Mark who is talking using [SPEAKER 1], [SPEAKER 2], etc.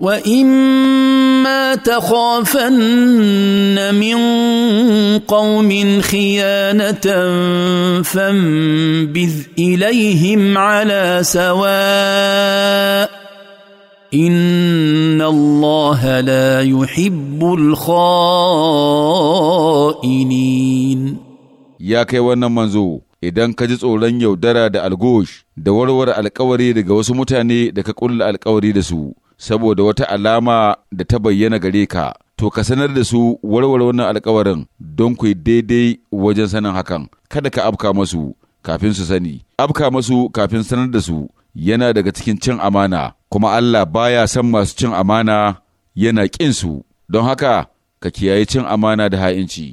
[SPEAKER 1] واما تخافن من قوم خيانه فانبذ اليهم على سواء ان الله لا يحب الخائنين
[SPEAKER 2] يا كي wannan manzo idan ka ji tsoron yaudara da algosh da warware alkawari daga wasu mutane da ka ƙulla alkawari da su saboda wata alama da ta bayyana gare ka, to ka sanar da su warware wannan alkawarin don ku daidai wajen sanin hakan, kada ka afka masu kafin su sani, afka masu kafin sanar da su yana daga cikin cin amana, kuma Allah baya son masu cin amana yana ƙin don haka ka kiyaye cin amana da ha'inci.